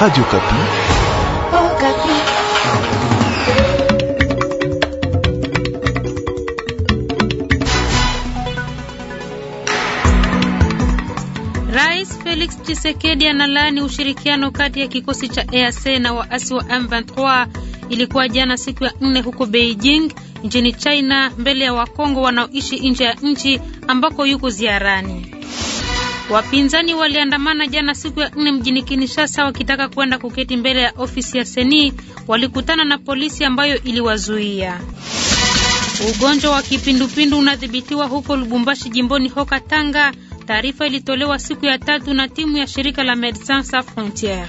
Radio Kapi. Oh, Kapi. Rais Felix Tshisekedi analaani ushirikiano kati ya kikosi cha EAC na waasi wa M23 ilikuwa jana siku ya nne huko Beijing nchini China mbele ya Wakongo wanaoishi nje ya nchi ambako yuko ziarani. Wapinzani waliandamana jana siku ya nne mjini Kinshasa wakitaka kwenda kuketi mbele ya ofisi ya Seni. Walikutana na polisi ambayo iliwazuia. Ugonjwa wa kipindupindu unadhibitiwa huko Lubumbashi jimboni Hoka Tanga. Taarifa ilitolewa siku ya tatu na timu ya shirika la Medecins Sans Frontieres.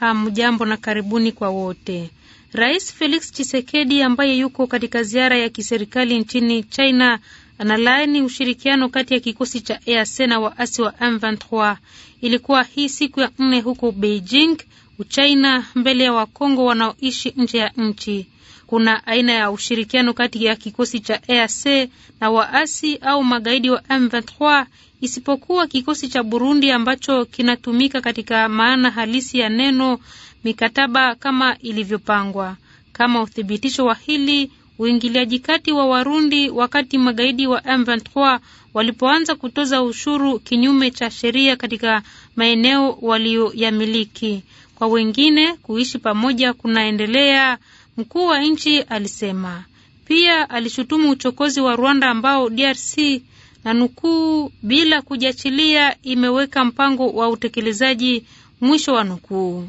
Hamjambo na karibuni kwa wote. Rais Felix chisekedi ambaye yuko katika ziara ya kiserikali nchini China analaani ushirikiano kati ya kikosi cha EAC na waasi wa M23. Ilikuwa hii siku ya nne huko Beijing, Uchina, mbele ya Wakongo wanaoishi nje ya nchi. Kuna aina ya ushirikiano kati ya kikosi cha EAC na waasi au magaidi wa M23, isipokuwa kikosi cha Burundi ambacho kinatumika katika maana halisi ya neno mikataba kama ilivyopangwa. Kama uthibitisho wa hili, uingiliaji kati wa Warundi wakati magaidi wa M23 walipoanza kutoza ushuru kinyume cha sheria katika maeneo waliyoyamiliki. Kwa wengine kuishi pamoja kunaendelea, mkuu wa nchi alisema. Pia alishutumu uchokozi wa Rwanda ambao DRC na nukuu, bila kujiachilia, imeweka mpango wa utekelezaji, mwisho wa nukuu.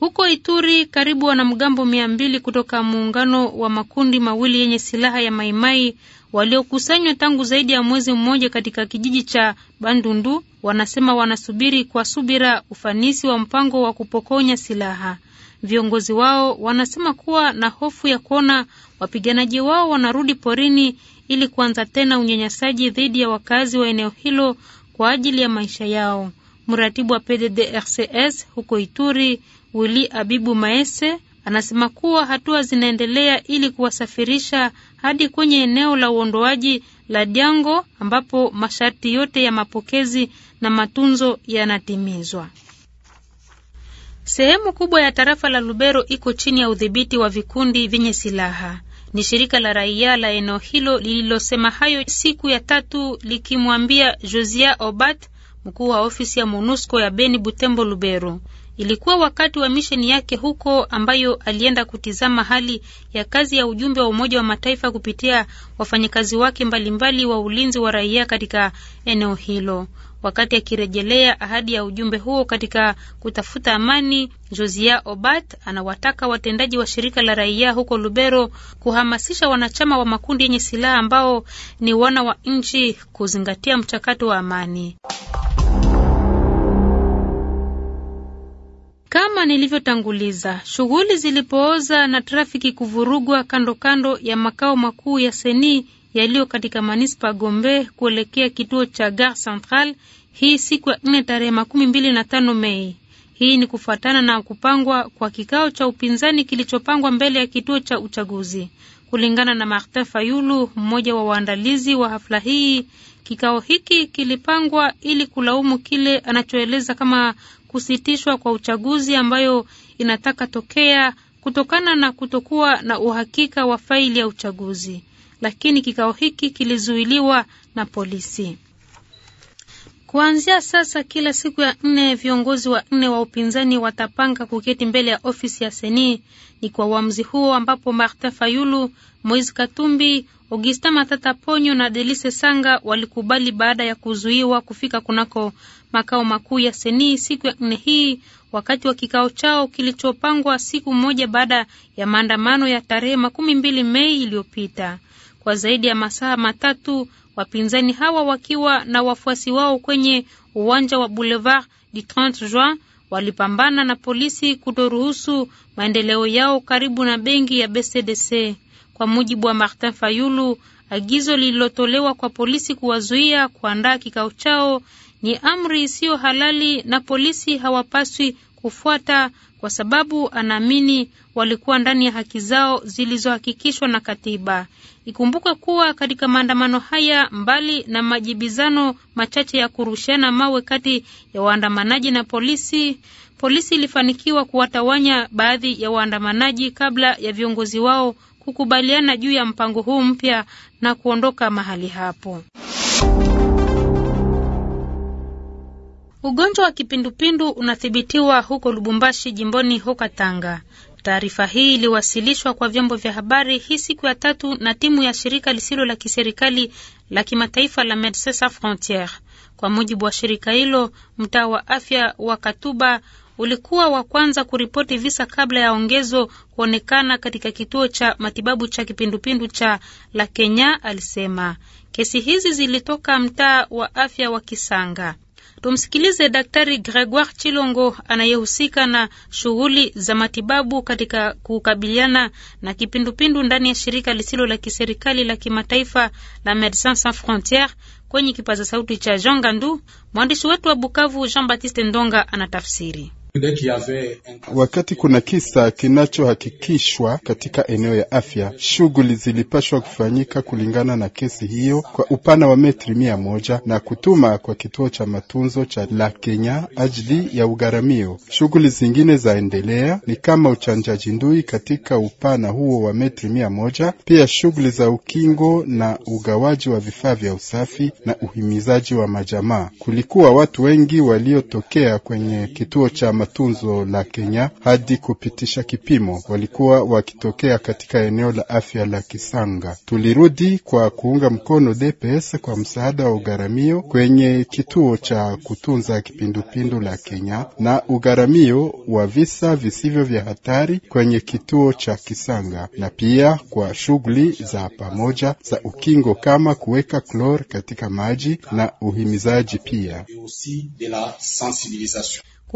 Huko Ituri, karibu wanamgambo mia mbili kutoka muungano wa makundi mawili yenye silaha ya Maimai waliokusanywa tangu zaidi ya mwezi mmoja katika kijiji cha Bandundu wanasema wanasubiri kwa subira ufanisi wa mpango wa kupokonya silaha. Viongozi wao wanasema kuwa na hofu ya kuona wapiganaji wao wanarudi porini ili kuanza tena unyanyasaji dhidi ya wakazi wa eneo hilo kwa ajili ya maisha yao. Mratibu wa PDDRCS huko Ituri Wili Abibu Maese anasema kuwa hatua zinaendelea ili kuwasafirisha hadi kwenye eneo la uondoaji la Diango ambapo masharti yote ya mapokezi na matunzo yanatimizwa. Sehemu kubwa ya tarafa la Lubero iko chini ya udhibiti wa vikundi vyenye silaha. Ni shirika la raia la eneo hilo lililosema hayo siku ya tatu likimwambia Josia Obat, mkuu wa ofisi ya MONUSCO ya Beni Butembo Lubero. Ilikuwa wakati wa misheni yake huko ambayo alienda kutizama hali ya kazi ya ujumbe wa Umoja wa Mataifa kupitia wafanyakazi wake mbalimbali wa ulinzi wa raia katika eneo hilo. Wakati akirejelea ahadi ya ujumbe huo katika kutafuta amani, Josia Obat anawataka watendaji wa shirika la raia huko Lubero kuhamasisha wanachama wa makundi yenye silaha ambao ni wana wa nchi kuzingatia mchakato wa amani. Kama nilivyotanguliza, shughuli zilipooza na trafiki kuvurugwa kando kando ya makao makuu ya Seni yaliyo katika manispa Gombe kuelekea kituo cha Gare Central hii siku ya nne tarehe makumi mbili na tano Mei. Hii ni kufuatana na kupangwa kwa kikao cha upinzani kilichopangwa mbele ya kituo cha uchaguzi. Kulingana na Martin Fayulu, mmoja wa waandalizi wa hafla hii, kikao hiki kilipangwa ili kulaumu kile anachoeleza kama kusitishwa kwa uchaguzi ambayo inataka tokea kutokana na kutokuwa na uhakika wa faili ya uchaguzi, lakini kikao hiki kilizuiliwa na polisi. Kuanzia sasa kila siku ya nne viongozi wa nne wa upinzani watapanga kuketi mbele ya ofisi ya Seni. Ni kwa uamuzi huo ambapo Martin Fayulu, Moise Katumbi, Augustin Matata Ponyo na Delice Sanga walikubali baada ya kuzuiwa kufika kunako makao makuu ya Seni siku ya nne hii wakati wa kikao chao kilichopangwa siku moja baada ya maandamano ya tarehe makumi mbili Mei iliyopita kwa zaidi ya masaa matatu, wapinzani hawa wakiwa na wafuasi wao kwenye uwanja wa Boulevard du 30 Juin walipambana na polisi kutoruhusu maendeleo yao karibu na benki ya BCDC. Kwa mujibu wa Martin Fayulu, agizo lililotolewa kwa polisi kuwazuia kuandaa kikao chao ni amri isiyo halali na polisi hawapaswi kufuata kwa sababu anaamini walikuwa ndani ya haki zao zilizohakikishwa na katiba. Ikumbukwe kuwa katika maandamano haya, mbali na majibizano machache ya kurushiana mawe kati ya waandamanaji na polisi, polisi ilifanikiwa kuwatawanya baadhi ya waandamanaji kabla ya viongozi wao kukubaliana juu ya mpango huu mpya na kuondoka mahali hapo. Ugonjwa wa kipindupindu unathibitiwa huko Lubumbashi, jimboni Hoka Tanga. Taarifa hii iliwasilishwa kwa vyombo vya habari hii siku ya tatu na timu ya shirika lisilo la kiserikali la kimataifa la Medecins Sans Frontieres. Kwa mujibu wa shirika hilo, mtaa wa afya wa Katuba ulikuwa wa kwanza kuripoti visa kabla ya ongezo kuonekana katika kituo cha matibabu cha kipindupindu cha La Kenya. Alisema kesi hizi zilitoka mtaa wa afya wa Kisanga. Tumsikilize Daktari Gregoire Chilongo anayehusika na shughuli za matibabu katika kukabiliana na kipindupindu ndani ya shirika lisilo la kiserikali la kimataifa la Medecins Sans Frontieres kwenye kipaza sauti cha Jean Gandu. Mwandishi wetu wa Bukavu Jean Baptiste Ndonga anatafsiri. Wakati kuna kisa kinachohakikishwa katika eneo ya afya, shughuli zilipashwa kufanyika kulingana na kesi hiyo kwa upana wa metri mia moja na kutuma kwa kituo cha matunzo cha la Kenya ajili ya ugharamio. Shughuli zingine zaendelea ni kama uchanjaji ndui katika upana huo wa metri mia moja, pia shughuli za ukingo na ugawaji wa vifaa vya usafi na uhimizaji wa majamaa. Kulikuwa watu wengi waliotokea kwenye kituo cha matunzo la Kenya hadi kupitisha kipimo. Walikuwa wakitokea katika eneo la afya la Kisanga. Tulirudi kwa kuunga mkono DPS kwa msaada wa ugharamio kwenye kituo cha kutunza kipindupindu la Kenya na ugharamio wa visa visivyo vya hatari kwenye kituo cha Kisanga na pia kwa shughuli za pamoja za ukingo kama kuweka klor katika maji na uhimizaji pia.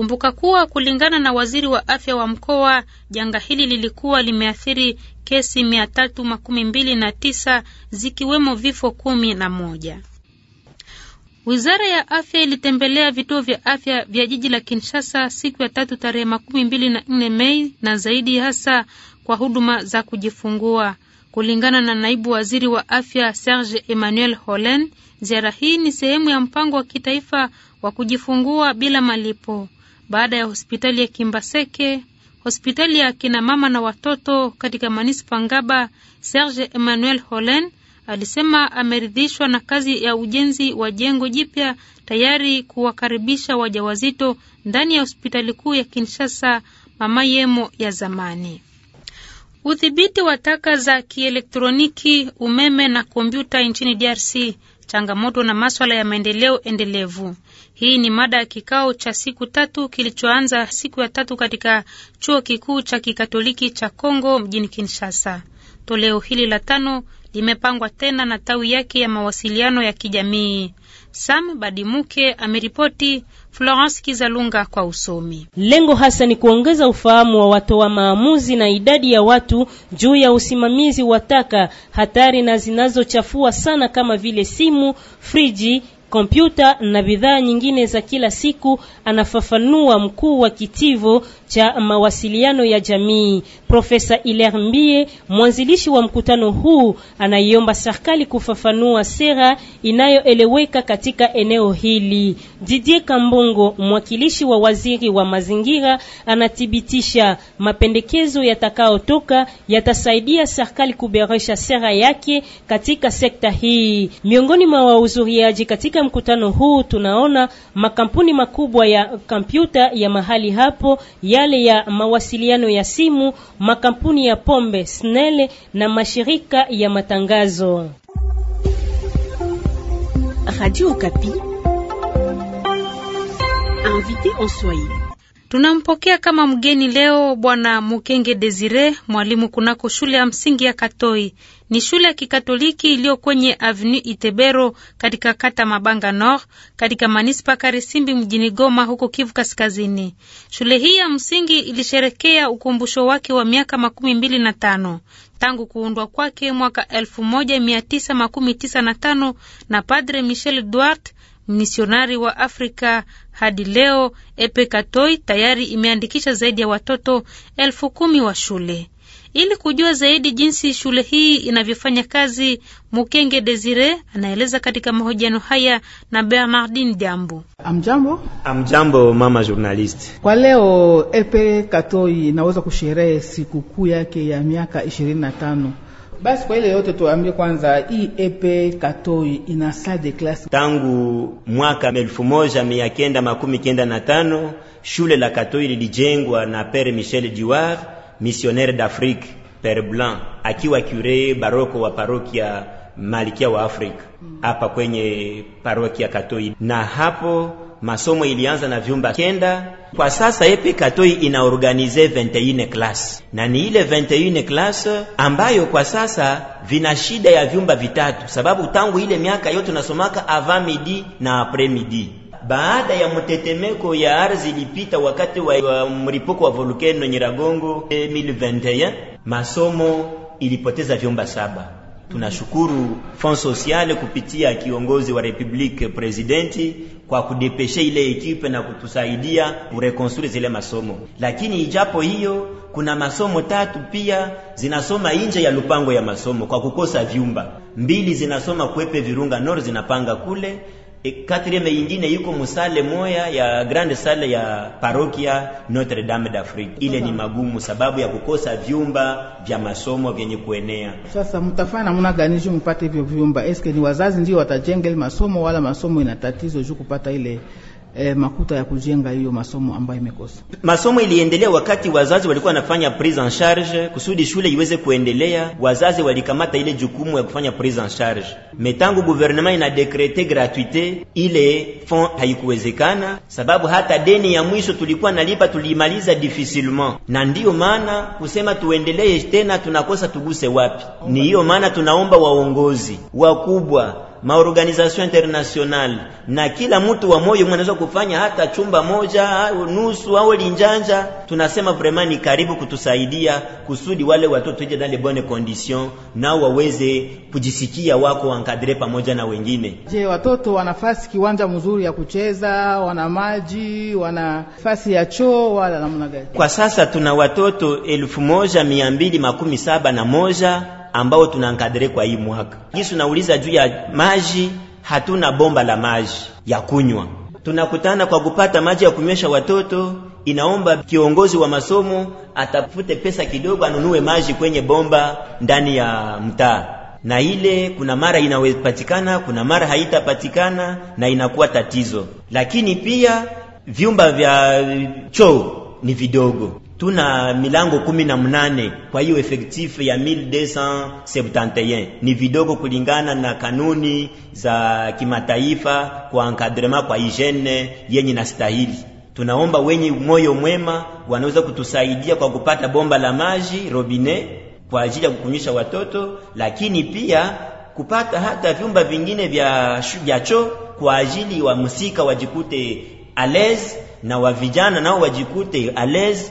Kumbuka kuwa kulingana na waziri wa afya wa mkoa, janga hili lilikuwa limeathiri kesi mia tatu makumi mbili na tisa zikiwemo vifo kumi na moja. Wizara ya afya ilitembelea vituo vya afya vya jiji la Kinshasa siku ya tatu tarehe makumi mbili na nne Mei na zaidi hasa kwa huduma za kujifungua. Kulingana na naibu waziri wa afya Serge Emmanuel Holen, ziara hii ni sehemu ya mpango wa kitaifa wa kujifungua bila malipo baada ya hospitali ya Kimbaseke, hospitali ya kina mama na watoto katika manispa Ngaba, Serge Emmanuel Holen alisema ameridhishwa na kazi ya ujenzi wa jengo jipya tayari kuwakaribisha wajawazito ndani ya hospitali kuu ya Kinshasa mama yemo ya zamani. Udhibiti wa taka za kielektroniki, umeme na kompyuta nchini DRC, changamoto na maswala ya maendeleo endelevu. Hii ni mada ya kikao cha siku tatu kilichoanza siku ya tatu katika chuo kikuu cha kikatoliki cha Kongo mjini Kinshasa. Toleo hili la tano limepangwa tena na tawi yake ya mawasiliano ya kijamii. Sam Badimuke ameripoti. Florence Kizalunga kwa usomi. Lengo hasa ni kuongeza ufahamu wa watoa maamuzi na idadi ya watu juu ya usimamizi wa taka, hatari na zinazochafua sana kama vile simu, friji, kompyuta na bidhaa nyingine za kila siku, anafafanua mkuu wa kitivo cha mawasiliano ya jamii Profesa Hilaire Mbie, mwanzilishi wa mkutano huu, anaiomba serikali kufafanua sera inayoeleweka katika eneo hili. Didier Kambongo, mwakilishi wa waziri wa mazingira, anathibitisha mapendekezo yatakayotoka yatasaidia serikali kuboresha sera yake katika sekta hii. Miongoni mwa wahudhuriaji katika katika mkutano huu tunaona makampuni makubwa ya kompyuta ya mahali hapo, yale ya mawasiliano ya simu, makampuni ya pombe Snele na mashirika ya matangazo. Radio Okapi, invité en Swahili. Tunampokea kama mgeni leo Bwana Mukenge Desire, mwalimu kunako shule ya msingi ya Katoi. Ni shule ya kikatoliki iliyo kwenye Avenue Itebero katika kata Mabanga Nord katika manispa Karisimbi mjini Goma huko Kivu Kaskazini. Shule hii ya msingi ilisherekea ukumbusho wake wa miaka makumi mbili na tano tangu kuundwa kwake mwaka elfu moja mia tisa makumi tisa na tano na Padre Michel Duarte, misionari wa Afrika hadi leo Epekatoi tayari imeandikisha zaidi ya watoto elfu kumi wa shule. Ili kujua zaidi jinsi shule hii inavyofanya kazi, Mukenge Desire anaeleza katika mahojiano haya na Bernardin Jambo. Amjambo. Amjambo mama journalist. Kwa leo Epe Katoi inaweza kusherehe sikukuu yake ya miaka ishirini na tano. Basi kwa ile yote tuambie kwanza, hii epe Katoi ina salle de classe tangu mwaka elfu moja mia kenda makumi kenda na tano. Shule la Katoi lilijengwa na Pere Michel Diwar, missionnaire d'Afrique, Pere Blanc, akiwa cure baroko wa parokia Malikia wa Afrika mm. hapa kwenye parokia Katoi, na hapo masomo ilianza na vyumba kenda. Kwa sasa EPE Katoi inaorganize 21 class na ni ile 21 class ambayo kwa sasa vina shida ya vyumba vitatu, sababu tangu ile miaka yote tunasomaka avant midi na après midi baada ya mtetemeko ya ardhi ilipita wakati wa, wa mlipuko wa volkano Nyiragongo 2021 masomo ilipoteza vyumba saba. Tunashukuru Fond Sociale kupitia kiongozi wa Republique Presidenti kwa kudepeshe ile ekipe na kutusaidia kurekonstruire zile masomo. Lakini ijapo hiyo, kuna masomo tatu pia zinasoma nje ya lupango ya masomo kwa kukosa vyumba. Mbili zinasoma kwepe Virunga Nord, zinapanga kule Katreme yingine yuko musale moya ya grande sale ya parokia Notre Dame d'Afrique. Ile ni magumu sababu ya kukosa vyumba vya masomo vyenye kuenea. Sasa mtafanya namna gani juu mpate hivyo vyumba? Eske ni wazazi ndio watajenga ile masomo wala masomo ina tatizo juu kupata ile eh, makuta ya kujenga hiyo masomo ambayo imekosa. Masomo iliendelea wakati wazazi walikuwa wanafanya prise en charge kusudi shule iweze kuendelea. Wazazi walikamata ile jukumu ya kufanya prise en charge, metangu gouvernement ina dekrete gratuite ile fond haikuwezekana, sababu hata deni ya mwisho tulikuwa nalipa tulimaliza difficilement, na ndiyo maana kusema tuendelee tena tunakosa tuguse wapi. Ni hiyo maana tunaomba waongozi wakubwa maorganization internationale, na kila mtu wa moyo mwanaweza kufanya hata chumba moja au nusu au linjanja. Tunasema vraiment ni karibu kutusaidia kusudi wale watoto ije dans les bonnes conditions, nao waweze kujisikia wako wankadre pamoja na wengine. Je, watoto wana nafasi kiwanja mzuri ya kucheza, wana maji, wana nafasi ya choo wala namna gani? Kwa sasa tuna watoto elfu moja mia mbili makumi saba na moja ambao tunankadire kwa hii mwaka. Yesu nauliza juu ya maji, hatuna bomba la maji ya kunywa. Tunakutana kwa kupata maji ya kunywesha watoto, inaomba kiongozi wa masomo atafute pesa kidogo anunue maji kwenye bomba ndani ya mtaa, na ile kuna mara inawezapatikana, kuna mara haitapatikana, na inakuwa tatizo. Lakini pia vyumba vya choo ni vidogo tuna milango kumi na mnane kwa hiyo efektif ya 1271 ni vidogo kulingana na kanuni za kimataifa kwa encadrement kwa hygiene yenye na stahili. Tunaomba wenye moyo mwema wanaweza kutusaidia kwa kupata bomba la maji robine kwa ajili ya kukunyisha watoto, lakini pia kupata hata vyumba vingine vya, vya choo kwa ajili wa musika wajikute alez na wa vijana nao wajikute alez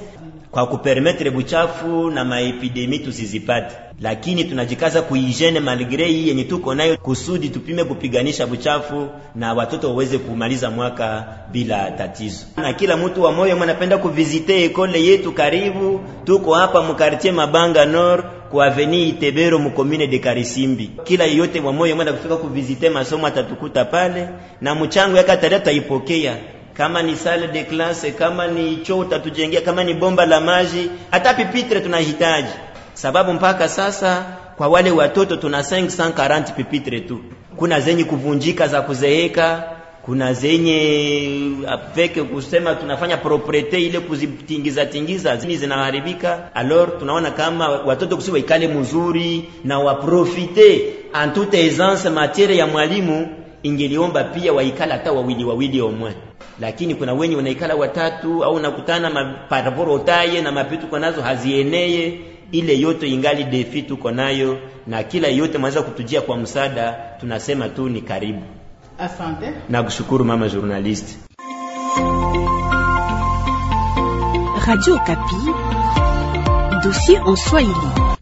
kwa kupermetre buchafu na maepidemi tusizipate, lakini tunajikaza kuijene malgre hii yenye tuko nayo, kusudi tupime kupiganisha buchafu na watoto waweze kumaliza mwaka bila tatizo. Na kila mtu wa moyo mwanapenda kuvizite ekole yetu karibu, tuko hapa mukartie Mabanga Nord ku aveni Itebero mukomine de Karisimbi. Kila yote wa moyo mwenda kufika kuvizite masomo atatukuta pale, na mchango yake taria taipokea kama ni salle de classe, kama ni choo tatujengea, kama ni bomba la maji, hata pipitre tunahitaji, sababu mpaka sasa kwa wale watoto tuna 540 pipitre tu. Kuna zenye kuvunjika za kuzeeka, kuna zenye uh, apeke kusema tunafanya propriete ile kuzitingiza tingiza zini zinaharibika. Alors tunaona kama watoto kusi waikale mzuri na waprofite en toute aisance matiere ya mwalimu ingeliomba pia waikala hata wawili wawili omwe, lakini kuna wenye wanaikala watatu au nakutana maparaporo otaye na mapi tuko nazo hazieneye. Ile yote ingali defi tuko nayo na kila yote mwanza kutujia kwa msaada, tunasema tu ni karibu. Asante na kushukuru mama journalist Radio Kapi, dossier en Swahili.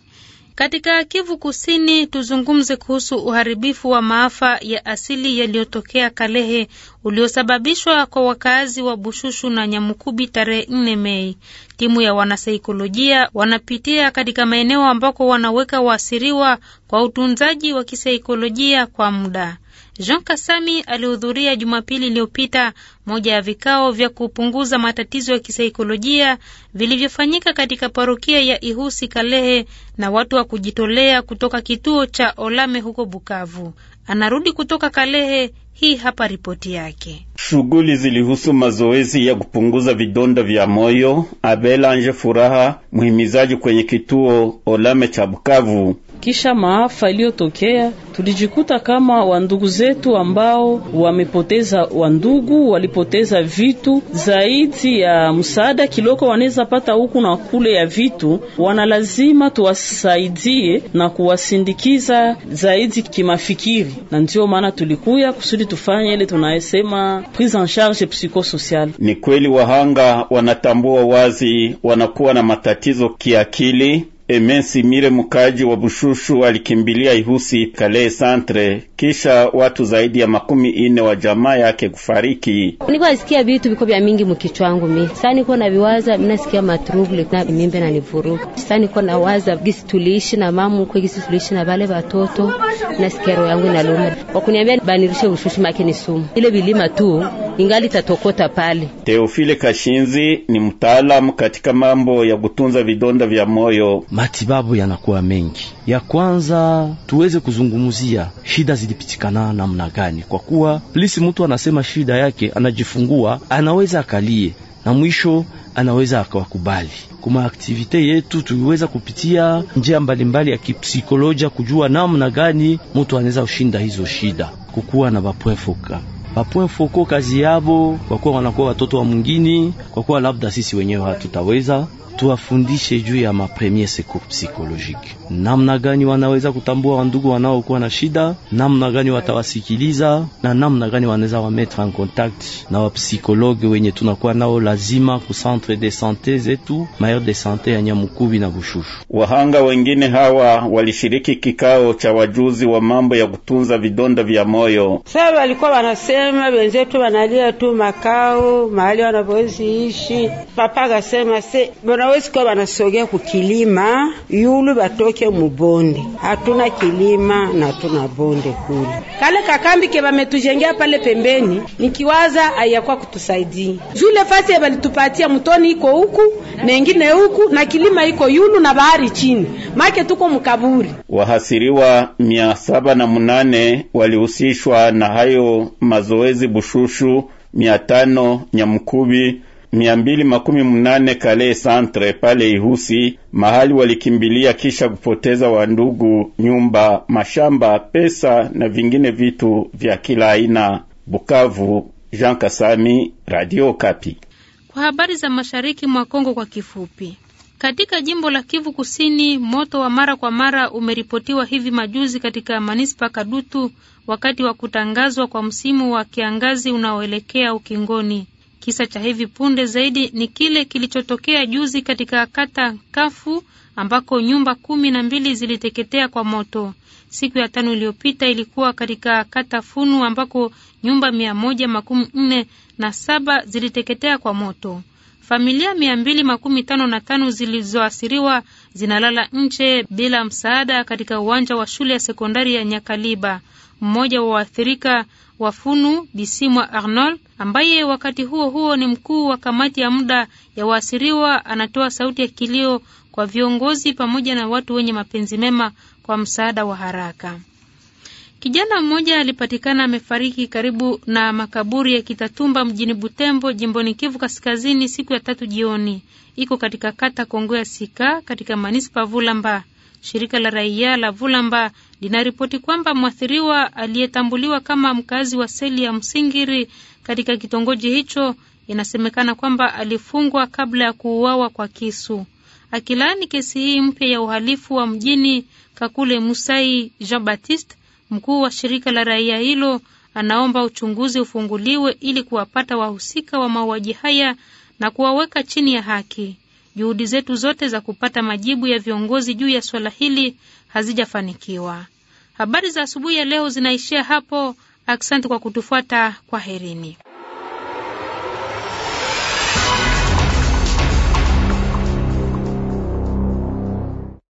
Katika Kivu Kusini tuzungumze kuhusu uharibifu wa maafa ya asili yaliyotokea Kalehe uliosababishwa kwa wakazi wa Bushushu na Nyamukubi tarehe 4 Mei. Timu ya wanasaikolojia wanapitia katika maeneo ambako wanaweka waasiriwa kwa utunzaji wa kisaikolojia kwa muda. Jean Kasami alihudhuria Jumapili iliyopita moja ya vikao vya kupunguza matatizo ya kisaikolojia vilivyofanyika katika parokia ya Ihusi Kalehe na watu wa kujitolea kutoka kituo cha Olame huko Bukavu. Anarudi kutoka Kalehe. Hii hapa ripoti yake. Shughuli zilihusu mazoezi ya kupunguza vidonda vya moyo. abel anje Furaha, mhimizaji kwenye kituo Olame cha Bukavu, kisha maafa iliyotokea, tulijikuta kama wandugu zetu ambao wamepoteza wandugu, walipoteza vitu zaidi ya msaada kiloko wanaweza pata huku na kule ya vitu, wana lazima tuwasaidie na kuwasindikiza zaidi kimafikiri, na ndiyo maana tulikuya kusudi tufanye ile tunayesema prise en charge psychosocial. Ni kweli wahanga wanatambua wazi wanakuwa na matatizo kiakili Emensi Mire, mkaji wa Bushushu, alikimbilia Ihusi Kale Santre kisha watu zaidi ya makumi ine wa jamaa yake kufariki. Niko nasikia vitu viko vya mingi mkichwa wangu mi. Sasa niko na viwaza, minasikia matruble na mimbe na nivuruga. Sasa niko na waza gisi tuliishi na mamu kwa gisi tuliishi na wale watoto, nasikia roho yangu inaluma. Wakuniambia banirushe Bushushu make ni sumu. Ile vilima tu ingali tatokota pale. Teofile Kashinzi ni mtaalamu katika mambo ya kutunza vidonda vya moyo. Matibabu yanakuwa mengi. Ya kwanza tuweze kuzungumzia shida zilipitikana namna gani, kwa kuwa plisi mtu anasema shida yake, anajifungua, anaweza akalie na mwisho anaweza akawakubali. Kuma aktivite yetu tuliweza kupitia njia mbalimbali ya kipsikolojia kujua namna gani mtu anaweza kushinda hizo shida, kukuwa na bapwefuka Bapwin foko kazi yabo kwa kuwa wanakuwa watoto wa mwingine, kwa kuwa labda sisi wenyewe hatutaweza tuwafundishe juu ya mapremier secours psychologique, namna gani wanaweza kutambua wandugu wanaokuwa na shida, namna gani watawasikiliza na namna gani wanaweza wametre en contact na wapsikologe wenye tunakuwa nao lazima ku centre de sante zetu maire de sante ya Nyamukubi na Bushushu. Wahanga wengine hawa walishiriki kikao cha wajuzi wa mambo ya kutunza vidonda vya moyo. Sasa walikuwa wanasema sema wenzetu wanalia tu makao mahali wanawezi ishi. Papa kasema se wanawezi kuwa wanasogea kukilima yulu batoke mubondi hatuna kilima na hatuna bonde kule. Kale kakambi ke bametujengea pale pembeni, nikiwaza ayakuwa kutusaidia jule fasi ya balitupatia mtoni iko huku na ingine huku na kilima iko yulu na bahari chini, make tuko mkaburi. Wahasiriwa mia saba na munane walihusishwa na hayo mazoezi Bushushu, mia tano Nyamkubi makumi mnane Kale santre pale Ihusi, mahali walikimbilia kisha kupoteza wandugu, nyumba, mashamba, pesa na vingine vitu vya kila aina. Bukavu, Jean Kasami, Radio Kapi. Kwa habari za mashariki mwa Kongo kwa kifupi. Katika jimbo la Kivu Kusini, moto wa mara kwa mara umeripotiwa hivi majuzi katika manispa Kadutu wakati wa kutangazwa kwa msimu wa kiangazi unaoelekea ukingoni. Kisa cha hivi punde zaidi ni kile kilichotokea juzi katika kata Kafu ambako nyumba kumi na mbili ziliteketea kwa moto. Siku ya tano iliyopita ilikuwa katika kata Funu ambako nyumba mia moja makumi nne na saba ziliteketea kwa moto. Familia mia mbili makumi tano na tano zilizoathiriwa zinalala nje bila msaada katika uwanja wa shule ya sekondari ya Nyakaliba mmoja wa waathirika wa Funu Bisimwa Arnold, ambaye wakati huo huo ni mkuu wa kamati ya muda ya waasiriwa, anatoa sauti ya kilio kwa viongozi pamoja na watu wenye mapenzi mema kwa msaada wa haraka. Kijana mmoja alipatikana amefariki karibu na makaburi ya Kitatumba mjini Butembo, jimboni Kivu Kaskazini, siku ya tatu jioni. Iko katika kata Kongo ya Sika katika manispa Vulamba. Shirika la raia la Vulamba linaripoti kwamba mwathiriwa aliyetambuliwa kama mkazi wa seli ya Msingiri katika kitongoji hicho inasemekana kwamba alifungwa kabla ya kuuawa kwa kisu. Akilaani kesi hii mpya ya uhalifu wa mjini, Kakule Musai Jean Baptiste, mkuu wa shirika la raia hilo, anaomba uchunguzi ufunguliwe ili kuwapata wahusika wa, wa mauaji haya na kuwaweka chini ya haki. Juhudi zetu zote za kupata majibu ya viongozi juu ya swala hili hazijafanikiwa. Habari za asubuhi ya leo zinaishia hapo. Aksanti kwa kutufuata. Kwa herini.